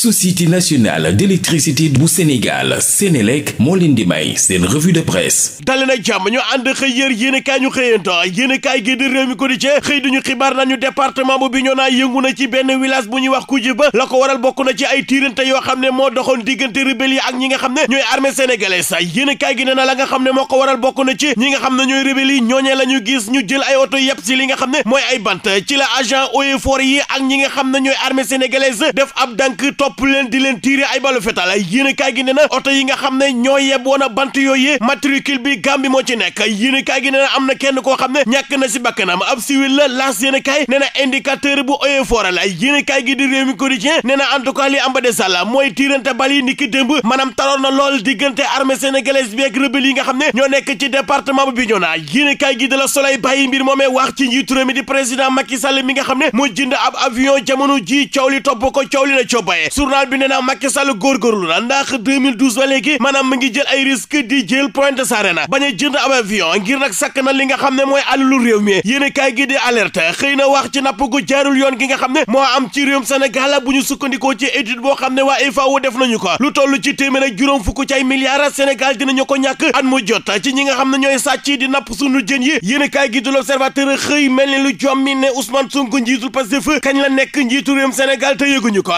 société nationale d'électricité bu Sénégal Sénélec moo leen di may seen revue de presse dali jàmm ñu ànd xëy yër yéenekaay ñu xëyanto yéenekaay gi di réew mi quotidien xëy duñu xibaar nañu département bu naa yëngu na ci benn village bu ñuy wax Koudjé ba la ko waral bokk na ci ay tiirante yoo xam ne moo doxoon diggante rebelle yi ak ñi nga xam ne ñooy armée sénégalaise yéenekaay gi ne na la nga xam ne moo ko waral bokk na ci ñi nga xam na ñooy rebelle ñooñee la ñu gis ñu jël ay oto yépp si li nga xam ne mooy ay bant ci la agent eaux yi ak ñi nga xam ne ñooy armée sénégalaise def ab dànk topp topp leen di leen tiire ay balu fetal yéenekaay gi ne na oto yi nga xam ne ñoo yeb na a bant yooyee matricule bi Gàmbi moo ci nekk yéenekaay gi ne na am na kenn koo xam ne ñàkk na si bakkanam ab civil la laas yéenekaay ne na indicateur bu oye foora la yéenekaay gi di Rewmi Quotidien ne na en tout cas li am ba de sàlla mooy tiirante bal yi niki démb maanaam taroon na lool diggante armée sénégalaise bi ak rebelle li nga xam ne ñoo nekk ci département bu Bignona yéenekaay gi de la Soleil bàyyi mbir moomee wax ci njiitu réew mi di président Macky Sall mi nga xam ne moo jënd ab avion ji coow li topp ko coow li na cobbaye journal bi nee na Macky Sall góorgóorlu na ndax 2012 ba léegi maanaam ngi jël ay risque di jël Pointe Sarène bañ a jënd ab avion ngir nag sakk na li nga xam ne mooy alalu réew mi yéen kaay gi di alerte xëy na wax ci napp gu jaarul yoon gi nga xam ne moo am ci réewum Sénégal bu ñu sukkandikoo ci étude boo xam ne waa IFAO def nañu ko lu toll ci téeméer ak juróom fukk ci ay milliards Sénégal dinañu ko ñàkk at mu jot ci ñi nga xam ne ñooy sàcc di napp sunu jën yi yéen kaay gi di l'observateur xëy mel ni lu jommi ne Ousmane Sonko njiitul Pastef kañ la nekk njiitu réewum Sénégal te yëguñu ko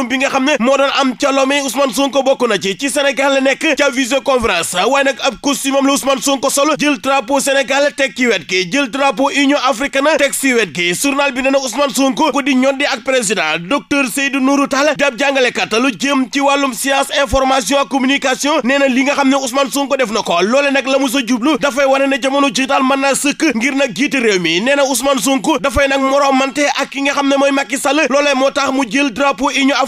forum bi nga xam ne moo doon am ca Lomé Ousmane Sonko bokk na ci ci Sénégal la nekk ca visioconférence waaye nag ab costume la Ousmane Sonko sol jël drapeau Sénégal teg wet gi jël drapeau Union africaine teg bi nee na Ousmane Sonko ku di ñoddi ak président docteur Seydou Nourou Tall dab jàngalekat lu jëm ci wàllum science information ak communication nee li nga xam ne Ousmane Sonko def na ko loole nag la mu sa jublu dafay wane ne jamono ji daal mën naa sëkk ngir nag jiite réew mi nee na Ousmane Sonko dafay nag moromante ak ki nga xam ne mooy Macky Sall loolee moo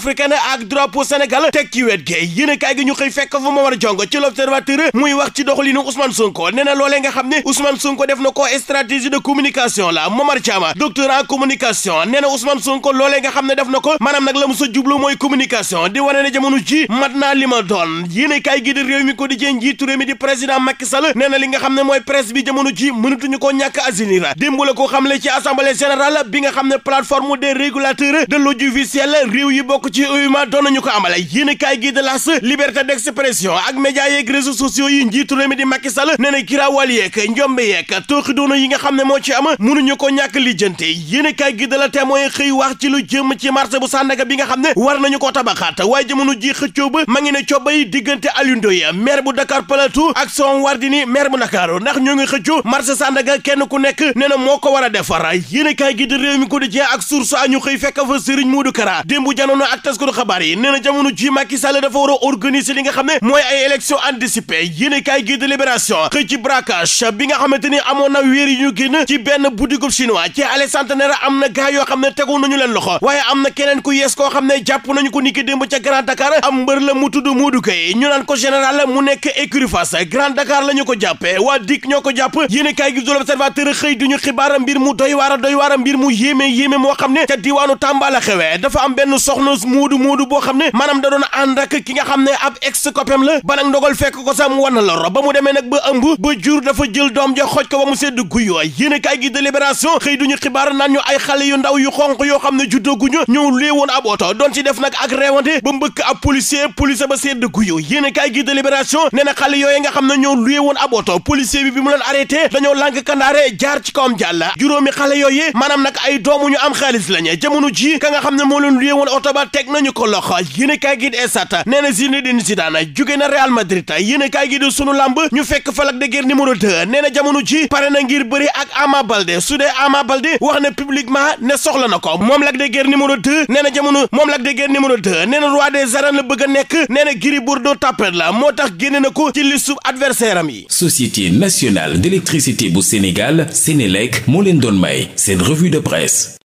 panafricaine ak drapeau Sénégal teg ci wet gi yéenekaay gi ñu xëy fekk fa Momar Diongue ci l'Observateur muy wax ci doxalinu Ousmane Sonko nee na loolee nga xam ne Ousmane Sonko def na ko stratégie de communication la Momar Thiam docteur en communication nee na Ousmane Sonko loolee nga xam ne def na ko maanaam nag la mu sa mooy communication di wane ne jamono ji mat naa li ma doon yéenekaay gi di réew mi ko di jeen njiitu réew di président Macky Sall nee na li nga xam ne mooy presse bi jamono ji mënatuñu koo ñàkk asinira démb la ko xamle ci assemblée générale bi nga xam ne plateforme des régulateurs de l'audiovisuel réew ci UEMOA doon nañu ko amale yéenekaay gi de L'As liberté d'expression ak média yeeg réseaux sociaux yi njiitu réew mi di Macky Sall nee na kirawal yeeg njombe yeeg tooxi yi nga xam ne moo ci am mënuñu ko ñàkk lijjante yéenekaay gi de La Témoin xëy wax ci lu jëm ci marché bu Sandaga bi nga xam ne war nañu ko tabaxaat waaye jamono ji xëccoo ba ma ngi ne cooba yi diggante Alioune Ndoye maire bu Dakar Plateau ak Soham Wardini maire bu Ndakaaru ndax ñoo ngi xëccoo marché Sandaga kenn ku nekk nee na moo ko war a defar yéenekaay gi de Rewmi Quotidien ak Source A xëy fekk fa Serigne Modou Kara démb janono ak ak taskatu xabaar yi nee jamono ji Macky Sall dafa war a organiser li nga xam ne mooy ay élection anticipée yéene kaay gi de libération xëy ci braquage bi nga xamante ni amoon na weer ñu génn ci benn boutique chinois ci allée Centenaire am na gaay yoo xam ne tegu nañu leen loxo waaye am na keneen ku yees koo xam ne jàpp nañu ko niki démb ca Grand Dakar am mbër la mu tudd Modou Gueye ñu naan ko général mu nekk écurie Fass Grand Dakar la ñu ko jàppee waa dik ñoo ko jàpp kaay gi de l'Observateur xëy xibaar mbir mu doy waar a doy waar a mbir mu yéeme yéeme moo xam ne ca diwaanu Tamba la xewee am benn soxna moodu moodu boo xam ne maanaam da doon ànd ak ki nga xam ne ab ex copain la ba nag ndogal fekk ko sax mu wan na ro ba mu demee nag ba ëmb ba jur dafa jël doom ja xoj ko ba mu sedd guyo yéen a kaay gi délibération xëy duñu xibaar naan ay xale yu ndaw yu xonq yoo xam ne juddooguñu ñëw léewoon ab oto doon ci def nag ak reewante ba mbëkk ab policier policier ba sedd guyo yéen a kaay gi délibération nee na xale yooye nga xam ne ñëw léewoon ab oto policier bi bi mu leen arrêté dañoo lànk kandaare jaar ay doomu ñu am xaalis xam ne moo leen léewoon oto ba teg nañu ko loxo yéen kaa gi di Stades nee na Zinedine Zidane jóge na Real Madrid yéen kaay gi di sunu lamb ñu fekk fa Lac de Guiers numéro 2 nee na jamono ji pare na ngir bëri ak Ama Baldé su dee Ama Baldé wax na publiquement ne soxla na ko moom Lac de Guiers numéro 2 nee na jamono moom Lac de Guiers numéro 2 nee na roi des arènes la bëgg nekk nee na Gris Bordeaux tapet la moo tax génne na ko ci listu adversaire am yi. Société nationale d'électricité bu Sénégal Sénélec moo leen doon may seen revue de presse.